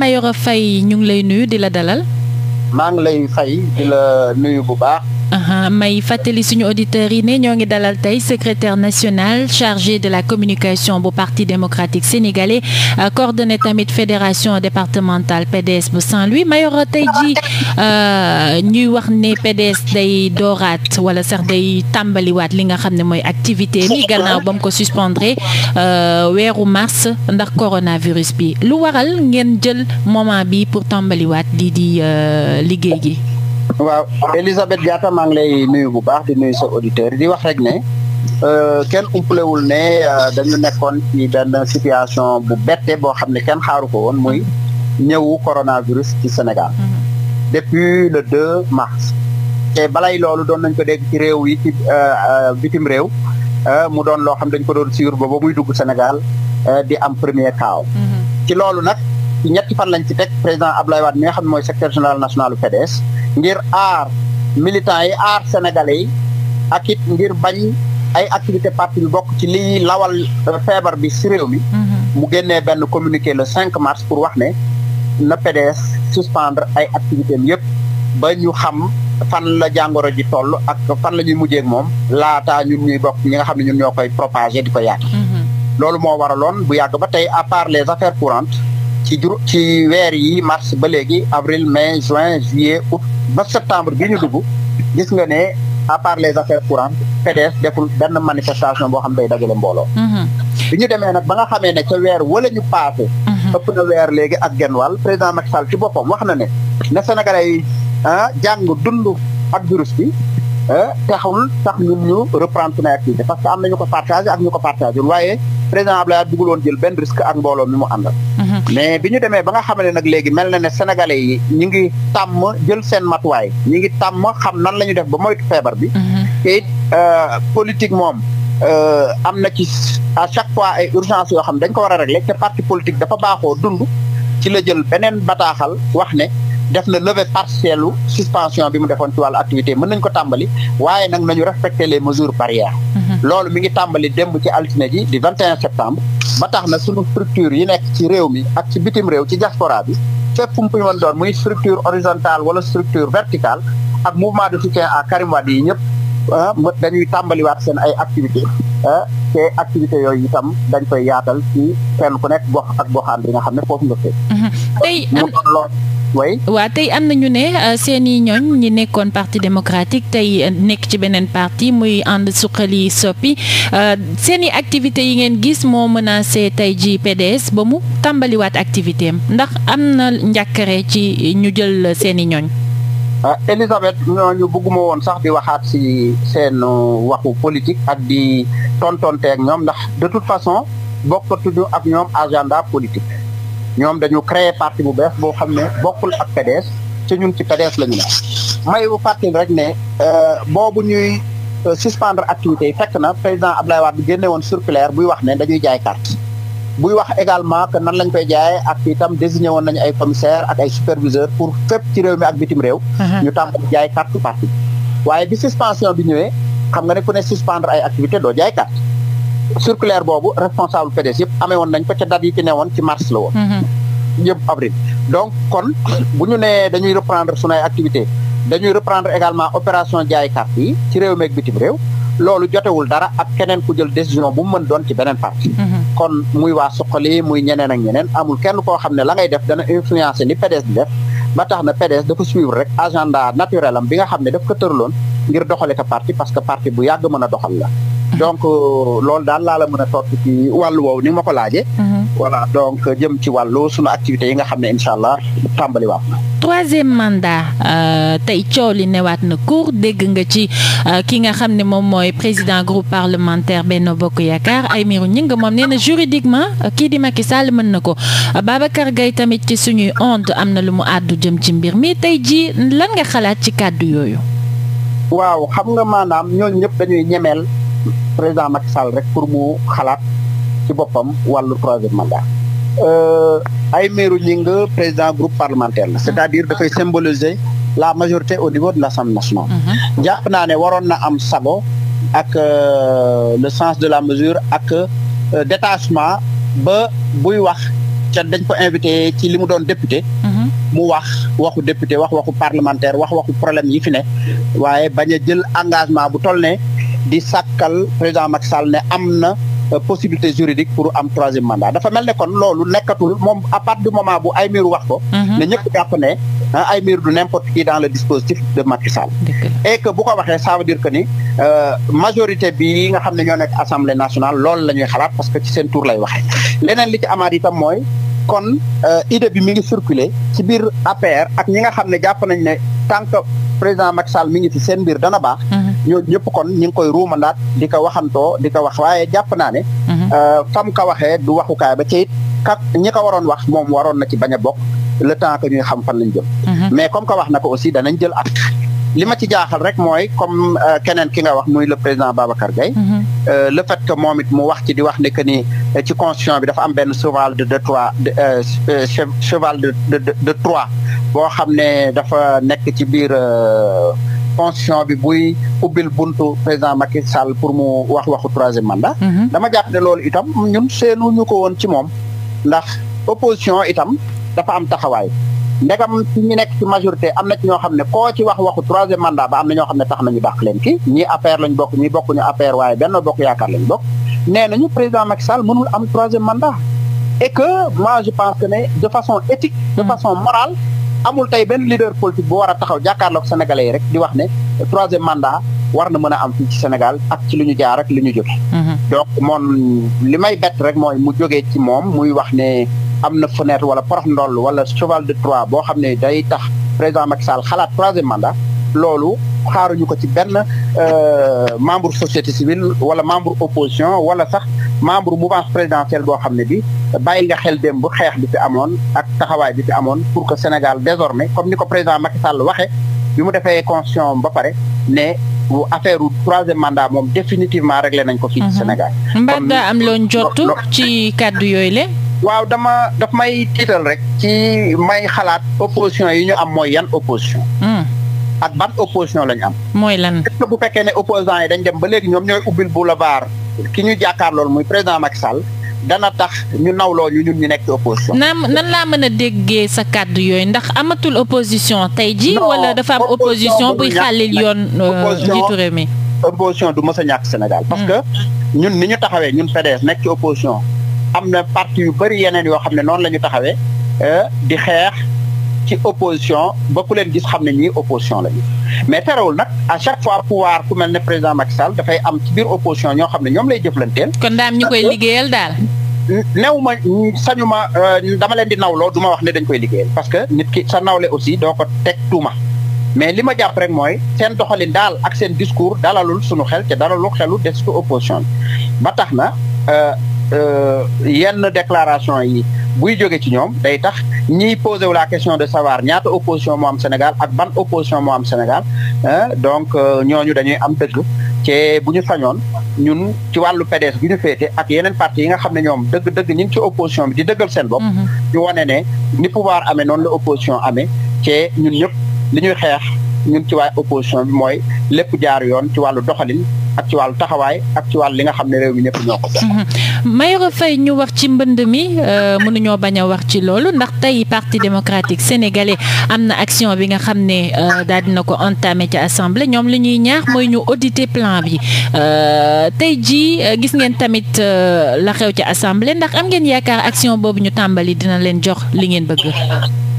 Mayoro Faye ñu ngi lay nuyu di la dalal. maa ngi lay fay di la nuyu bu baax. may fàttali suñu auditeurs yi ne ñoo ngi dalal tey secretaire national chargé de la communication bu parti démocratique sénégalais euh, coordonné tamit fédération départementale PDS bu Saint-Louis Mayoro tey ji euh, ñuy wax ne PDS day dooraat wala sax day tàmbaliwaat li nga xam ne mooy activité mi gannaaw ba mu ko suspendre euh, weeru mars ndax coronavirus bi lu waral ngeen jël moment bi pour tàmbaliwaat di di liggéey gi. waaw Elisabeth Diatta maa ngi lay nuyu bu baax di nuyu sa auditeur di wax rek ne euh, kenn umpalewul ne euh, dañu nekkoon ci benn situation bu bette boo xam ne kenn xaaru ko woon muy ñëwu coronavirus ci Sénégal. Mm-hmm. depuis le 2 mars. te balay loolu doon nañ ko dégg ci réew yi ci euh, bitim réew mu doon loo xam dañ ko doon suivre ba ba muy dugg Sénégal di am premier cas. Mm-hmm. ci loolu nag. ci ñetti fan lañ ci teg président Abdoulaye Wade mi nga xam ne mooy secrétaire général national PDS ngir aar militants yi aar sénégalais yi ak it ngir bañ ay activité parti bi bokk ci liy lawal euh, feebar bi si réew mi mm-hmm. mu génnee benn communiqué le cinq mars pour wax ne na PDS suspendre ay activité am yëpp ba ñu xam fan la jàngoro ji toll ak fan la ñuy mujjeeg moom laataa ñun ñuy bokk ñi nga xam ne ñun ñoo koy propager di ko yaata mm-hmm. loolu moo waraloon bu yàgg ba tey à part ci jur ci weer yi mars ba léegi avril mais juin juillet août ba septembre bi ñu dugg gis nga ne à part les affaires courantes PDS deful benn manifestation boo xam day dajale mbooloo mhm. bi ñu demee nag ba nga xamee ne ca weer wala ñu paase mhm. ëpp na weer léegi ak genn wàll président Macky Sall ci boppam wax na ne na Sénégalais yi ah jàng dund ak virus bi ah, taxul sax ñun ñu reprendre suñu activité parce que am na ñu ko partagé ak ñu ko partagé waaye président Abdoulaye bëggul woon jël benn risque ak mbooloo mi mu àndal mais bi ñu demee ba nga xam ne nag léegi mel na ne sénégalais yi ñu ngi tàmm jël seen matuwaay ñu ngi tàmm xam nan la ñu def ba moytu feebar bi mhm. te it euh, politique moom euh, am na ci à chaque fois ay urgence yoo xam dañ ko war a régler te parti politique dafa baaxoo dund ci la jël beneen bataaxal wax ne def na levée partielle suspension bi mu defoon ci wàllu activité mën nañ ko tàmbali waaye nag nañu respecter les mesures barrières Mhm. loolu mi ngi tàmbali démb ci altine ji di 21 septembre. ba tax na sunu structure yi nekk ci réew mi ak ci bitim réew ci diaspora bi fépp fu mu doon muy structure horizontale wala structure verticale ak mouvement de soutien à Karim Wade yi ñëpp. Ah, dañuy tàmbaliwaat seen ay activité ah, te activité yooyu itam dañ koy yaatal ci kenn ku nekk gox ak goxaan bi nga xam ne foofu nga fekk. Mhm. tey way waaw tey am na ñu ne euh, seen i ñooñ ñi nekkoon parti démocratique tey euh, nekk ci beneen parti muy ànd suqali soppi euh, seen i activités yi ngeen gis moo menacé tey ji PDS ba mu tàmbaliwaat activité am ndax am na njàkkare ci ñu jël seen i ñooñ ah Elisabeth ñooñu bëgguma woon sax di waxaat si seen waxu politique ak di tontonteeg ñoom ndax de toute façon bokkatuñu ak ñoom agenda politique ñoom dañu créer parti bu bees boo xam ne bokkul ak PDS ci ñun ci PDS la ñu ne may bu fàttali rek ne euh, boobu ñuy euh, suspendre activité yi fekk na président Abdoulaye Wade génne woon circulaire buy wax ne dañuy jaay kart buy wax également que nan lañ koy jaayee ak itam désigné woon nañu ay commissaire ak ay superviseur pour fépp ci rew mi ak bitim réew uh-huh. ñu tàmbali jaay carte parti waaye bi suspension bi ñëwee xam nga ne ku ne suspendre ay activité doo jaay carte circulaire boobu responsable PDS yëpp amee woon nañ ko ca date yi ci newoon ci mars la woon. Mhm. yëpp avril. donc kon bu ñu nee dañuy reprendre sunay activité dañuy reprendre également opération jaay carte yi ci réew meeg bitim réew. loolu jotewul dara ak keneen ku jël décision bu mu mën doon ci beneen parti mhm. kon muy waa suqali muy ñeneen ak ñeneen amul kenn koo xam ne la ngay def dana influencer ni PDS di def ba tax na PDS dafa suivre rek agenda naturel bi nga xam ne daf ko tëraloon ngir doxale ko parti parce que parti bu yàgg mën a doxal la donc euh, loolu daal laa la mën a tontu ci wàllu woow ni ma ko laajee. Mhm. voilà donc euh, jëm ci wàllu sunu activité yi nga xam ne incha allah tàmbali waat na. troisième mandat euh, tey coow li newaat na cour dégg nga ci kii nga xam ne moom mooy président groupe parlementaire Benno Bokk Yaakaar ñi Gningue moom nee na juridiquement kii di ki Sall mën na ko baba Babacar Gueye tamit ci suñuy onde am na lu mu àddu jëm ci mbir mi tey ji lan nga xalaat ci kàddu yooyu. waaw xam nga maanaam ñooñu ñëpp dañuy ñemeel. président Macky Sall rek pour mu xalaat ci boppam wàllu troisième mandat. Euh, ay meeru ñinga président groupe parlementaire la. c'est-à-dire dafay symboliser la majorité au niveau de l'Assemblée nationale. Mhm. jàpp naa ne waroon na am sago ak euh, le sens de la mesure ak euh, détachement ba buy wax ca dañ ko invité ci li mu doon député. Mhm. mu wax waxu député wax waxu parlementaire wax waxu problème yi fi ne waaye bañ a jël engagement bu toll ne. di sàkkal président Macky Sall ne am na euh, possibilité juridique pour am troisième mandat dafa mel ne kon loolu nekkatul moom à partir du moment ay Aymérou wax ko mhm. ne ñëpp jàpp ne Aymérou du n'importe qui dans le dispositif de Macky Sall et que bu ko waxee ça veut dire que ni euh, majorité bi nga xam ne ñoo nekk assemblée nationale loolu la ñuy xalaat parce que ci seen tour lay waxee leneen li ci amaat itam mooy kon euh, idée bi mi ngi circuler ci biir APR ak ñi nga xam ne jàpp nañ ne tant que président Macky mi ngi fi seen mbir dana baax mhm. ñooñu ñëpp kon ñu ngi koy ruumandaat di ko waxantoo di ko wax waaye jàpp naa ne. Mhm. Euh, fam ka waxee du waxukaay ba ci it ka ko waroon wax moom waroon na ci bañ a bokk le temps que ñuy xam fan nañ jëm. Mhm. mais comme que wax na ko aussi danañ jël at. li ma ci jaaxal rek mooy comme euh, keneen ki nga wax muy le président Babacar Gaye mhm. euh, le fait que moom it mu wax ci di wax ne que ni ci constitution bi dafa am benn cheval de de trois cheval de de de trois boo xam ne dafa nekk ci biir constitution bi buy ubbil buntu président Macky Sall pour mu wax waxu troisième mandat. Mhm. dama jàpp ne loolu itam ñun seenu ñu ko woon ci moom. ndax opposition itam dafa am taxawaay ndegam ñu nekk ci majorité am na ñoo xam ne koo ci wax waxu troisième mandat ba am na ñoo xam ne tax nañu baax leen ki ñi APR lañ bokk ñii bokkuñu APR waaye benn bokk yaakaar lañ bokk nee ñu président Macky Sall mënul am troisième mandat. e que moi je pense que façon éthique. de mhm. façon amul tey benn leader politique bu war a taxaw jàkkaarloog sénégalais yi rek di wax ne troisième mandat war na mën a am fii ci Sénégal ak ci lu ñu jaar rek lu ñu jóge mhm. donc moom li may bett rek mooy mu jógee ci moom muy wax ne am na fenêtre wala porox ndoll wala cheval de trois boo xam ne day tax président Macky saal xalaat troisième manda loolu xaaruñu ko ci benn euh, membre société civile wala membre opposition wala sax membre mouvance présidentielle boo xam ne bi bàyyi nga xel dem bu xeex bi fi amoon ak taxawaay bi fi amoon pour que Sénégal désormais comme ni ko président Macky Sall waxee bi mu defee constitution ba pare ne bu affaire u troisième mandat moom définitivement réglé nañ ko fii ci mhm. Sénégal mbaa daa am loon jot ci kàddu yooyu le waaw dama daf may tiital rek ci may xalaat opposition yi ñu am mooy yan opposition mhm. ak ban opposition la ñu am. mooy lan est bu fekkee ne opposants yi dañ dem ba léegi ñoom ñooy ubbil boulevard ki ñu jàkkaar loolu muy président dana tax ñu nawloo ñu ñu nekk opposition. nan nan laa mën a déggee sa kàddu yooyu ndax amatul opposition tey ji wala dafa am opposition buy xàllil euh, mi. opposition du mës ñàkk Sénégal. parce que ñun ni ñu taxawee ñun PDS nekk ci am na parti yu bëri yeneen yoo xam ne noonu la ñu taxawee euh, di xeex. ci opposition ba ku leen gis xam ne ñii opposition lañu mais terewul nag à chaque fois pouvoir ku mel ne président Macky Sall dafay am ci biir opposition ñoo xam ne ñoom lay jëflanteel. kon daam ñu koy liggéeyal daal. new ma sañu ma euh, dama leen di nawloo du ma wax ne dañ koy liggéeyal parce que nit ki sa nawle aussi doo ko teg tuuma mais li ma jàpp rek mooy seen doxalin daal ak seen discours dalalul suñu xel te dalalul xelu destu opposition bi ba tax na. Euh, Euh, yenn déclaration yi buy jógee ci ñoom day tax ñiy posé wu la question de savoir ñaata opposition moo am Sénégal ak ban opposition moo am Sénégal donc euh, ñooñu dañuy am dëgg te bu ñu sañoon ñun ci wàllu PDS bi ñu féete ak yeneen parti yi nga xam ne ñoom dëgg-dëgg ñu ngi ci opposition bi di dëggal seen bopp. ñu mm-hmm. wane ne ni pouvoir amee noonu la opposition amee te ñun ñëpp li ñuy xeex ñun ci waa opposition bi mooy lépp jaar yoon ci wàllu doxalin. ak ci wàllu taxawaay ak ci li nga xam ne réew mi ñëpp ñoo ko bokk. Mhm. Mayoro Faye ñu wax ci mbënd mi euh, mënuñoo bañ a wax ci loolu ndax tey parti démocratique sénégalais am na action bi nga xam ne euh, daal dina ko entamé ci assemblée ñoom li ñuy ñaax mooy ñu auditer plan bi euh, tey ji gis ngeen tamit la xew ci assemblée ndax am ngeen yaakaar action boobu ñu tàmbali dina leen jox li ngeen bëgg.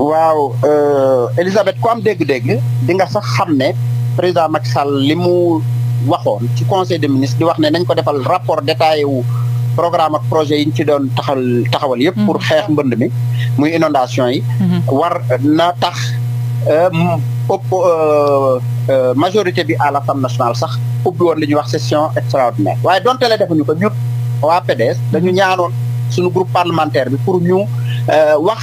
waaw Elisabeth ku am dégg-dégg di sax xam ne président Macky li mu. waxoon ci conseil de ministres di wax ne nañ ko defal rapport détaillé wu programme ak projet yi ñu ci doon taxal taxawal yëpp pour mhm. xeex mbënd mi muy inondation yi mhm. war na tax euh, euh, euh, majorité bi à l'Assemblée nationale sax ubbi woon li ñuy wax session extraordinaire waaye donte la defuñu ko ñu waa PDS dañu mhm. ñaanoon suñu groupe parlementaire bi pour ñu wax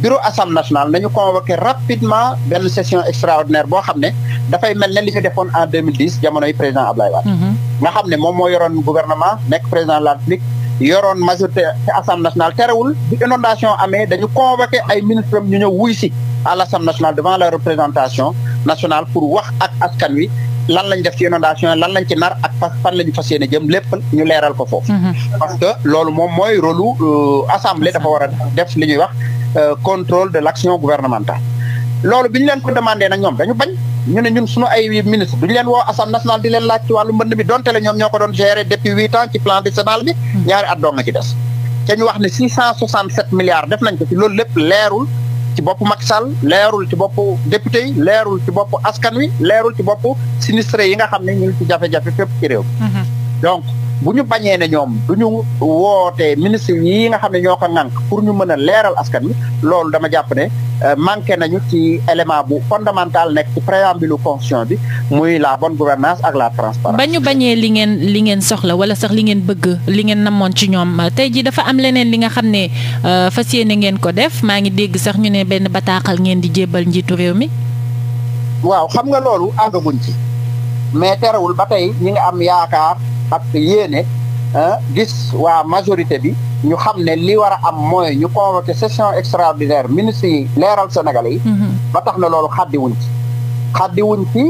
bureau Assemblée nationale nañu convoqué rapidement benn session extraordinaire boo xam ne dafay mel ne li fi defoon en 2010 jamonoy président Ablaye Wade. Mhm. nga xam ne moom moo yoroon gouvernement nekk président de la République yoroon inondation amee dañu convoqué ay ministres ñu ñëw wuy si à l' assemblée nationale devant la représentation nationale pour wax ak askan wi lan lañ def ci inondation lan lañ ci nar ak fan la ñu fas yéene jëm lépp ñu leeral ko foofu. Mhm. parce que loolu moom mooy rôlu euh, assemblée dafa war a def li ñuy wax euh, contrôle de l' action gouvernementale. loolu bi ñu leen ko demandé nag ñoom dañu bañ. ñu ñun suñu ay ministre duñu leen woo assemblée nationale di leen laaj ci wàllu mbënd mi donte la ñoom ñoo ko doon gérer depuis huit ans ci plan décennal bi hmm. ñaari at ci des te wax ne six cent soixante sept milliards def nañ ko ci loolu lépp leerul ci boppu Macky Sall leerul ci boppu député leerul ci boppu askan wi leerul ci boppu sinistré yi nga xam ne ñu ngi ci jafe-jafe fépp ci réew hmm. donc bu ñu bañee ne ñoom du ñu wootee ministre yi nga xam ne ñoo ko ŋànk pour ñu mën a leeral askan mi loolu dama jàpp ne euh, manqué nañu ci élément bu fondamental nekk ci préambule constitution bi muy la bonne gouvernance ak la transparence ba ñu li ngeen li ngeen soxla wala sax li ngeen bëgg li ngeen namoon ci ñoom tey ji dafa am leneen li nga xam ne euh, fas yéene ngeen ko def maa ngi dégg sax ñu ne benn bataaxal ngeen di jébbal njiitu réew mi waaw xam nga loolu àggaguñ ci mais terewul ba tey ñi nga am yaakaar ak yéene gis waa majorité bi ñu xam ne li war a am mooy ñu convoqué session extraordinaire ministre yi leeral Sénégalais yi. Mhm. ba tax na loolu xàddiwuñ ci. wuñ fi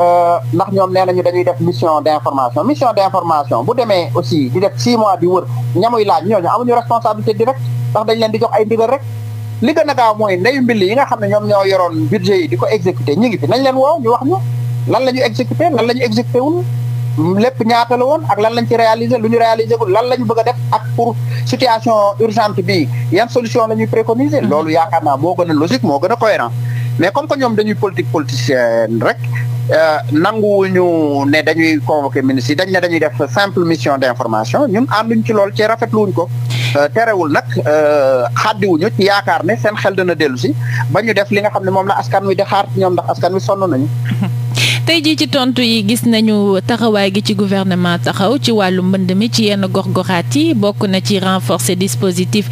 euh, ndax ñoom nee nañu dañuy def mission d' information mission d' information bu demee aussi di def six mois di wër ñamuy laaj ñooñu amuñu responsabilité directe ndax dañ leen di jox ay ndigal rek. li gën a gaaw mooy ndeyu mbill yi nga xam ne ñoom ñoo yoroon budget yi di ko exécuté ñu ngi fi nañ leen woow ñu wax lan la ñu exécuté lan la ñu exécuté wul lépp ñaata la woon ak lan lañ ci réaliser lu ñu réaliser ko lan lañ bëgg def ak pour situation urgente bi yan solution la ñuy préconiser. Mhm. loolu yaakaar naa boo gën a logique moo gën a cohérent mais comme que ñoom dañuy politique politicienne rek euh, ñu ne dañuy convoquer ministre yi dañ ne dañuy def simple mission d'information ñun ànduñ ci lool ci rafetluwuñ ko. Euh, terewul nag euh, xàddiwuñu ci yaakaar ne seen xel dana dellu si ba ñu def li nga xam ne moom la askan wi di ñoom ndax askan wi sonn nañu. tey jii ci tontu yi gis nañu taxawaay gi ci gouvernement taxaw ci wàllu mbënd mi ci yenn gox-goxaat yi bokk na ci renforcer dispositif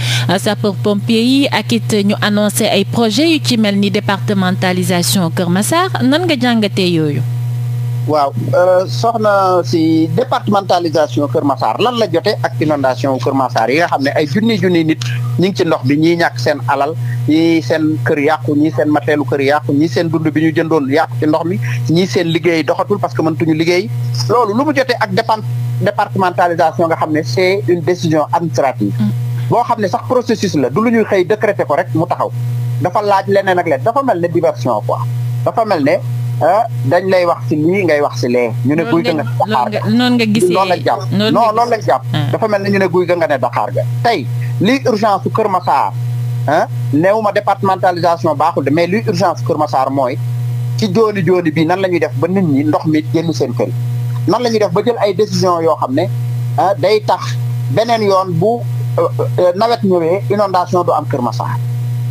sapeur pompier yi ak it ñu annoncé ay projet yu ci mel ni départementalisation Kër Massar nan nga jàngatee yooyu. waaw euh, soxna si départementalisation Kër Massar lan la jotee ak inondation Kër Massar yi nga xam ne ay junni junni nit ñi ngi ci ndox bi ñii ñàkk seen alal ñii seen kër yàqu ñii seen mateelu kër yàqu ñii seen dund bi ñu jëndoon yàqu ci ndox mi ñii seen liggéey doxatul parce que mëntuñu liggéey loolu lu mu jotee ak départ départementalisation nga xam ne c'est une décision administrative. Mm. boo xam ne sax processus la du lu ñuy xëy décréter ko rek mu taxaw dafa laaj leneen ak leneen dafa mel ne diversion quoi dafa mel ne. ah dañ lay wax si lii ngay wax si lee. ñu ne guy ga nga daxaar ga noonu nga gisee noonu lañ jàpp non loolu lañ jàpp. dafa mel ne ñu ne guy ga nga ne daxaar ga. tey lii urgence su Kër Massar ah néew ma départementalisation baaxul de mais li urgence su Kër Massar mooy ci jooni jooni bii nan la ñuy def ba nit ñi ndox mi génn seen kër nan la ñuy def ba jël ay décision yoo xam ne day tax beneen yoon bu euh, euh, nawet ñëwee inondation du am Kër Massar.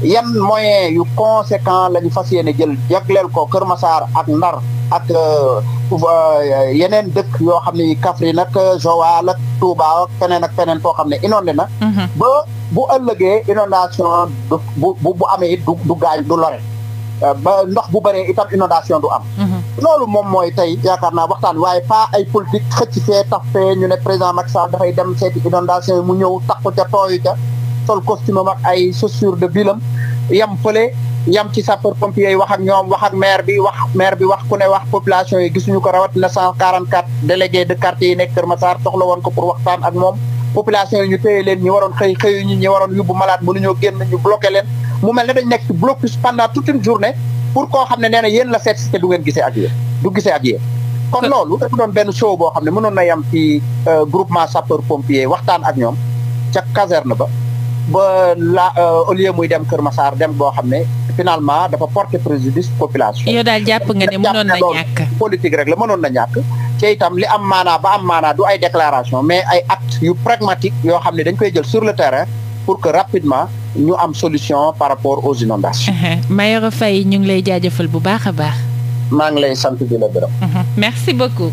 yan moyen yu conséquent la ñu fas yéene jël jagleel ko Kër Massar ak Ndar ak euh, euh, yeneen dëkk yoo xam ne Kaffrine ak euh, Joal ak Touba ak feneen ak feneen foo xam ne inondé na. Mhm. ba bu ëllëgee inondation du bu bu amee it du gaañ du lore. ndox bu bëree itam inondation du am. Mhm. loolu moom mooy tey yaakaar naa waxtaan waaye pas ay politique xëcc fee taf fee ne président Macky Sall dafay dem seeti inondation mu ñëw takku a tooyu ca. sol costume am ak ay chaussures de bilam yam fële yam ci sapeur pompier wax ak ñoom wax ak maire bi wax maire bi wax ku ne wax population yi gisuñu ko rawat na cent quarante quatre délégué de quartier yi nekk Kër Massar soxla woon ko pour waxtaan ak moom population yi ñu téye leen ñi waroon xëy xëyu ñi ñi waroon yóbbu malade mënuñoo génn ñu bloqué leen mu mel ne dañ nekk ci blocus pendant toute une journée pour koo xam ne nee na yéen la seet si te du ngeen gisee ak yéen euh. doon benn show boo xam mënoon na yam ci euh, groupement sapeur pompier waxtaan ak ñoom ca caserne ba ba la euh, au lieu muy dem Kër Massar dem boo xam ne finalement dafa porter préjudice population. yow daal jàpp nga ne mënoon na ñàkk politique rek la mënoon na ñàkk. te itam li am maanaa ba am maanaa du ay déclaration mais ay actes yu pragmatique yoo xam ne dañ koy jël sur le terrain pour que rapidement ñu am solution par rapport aux inondations. Mayoro Faye ñu ngi lay jaajëfal bu baax a baax. maa ngi lay sant di la merci beaucoup.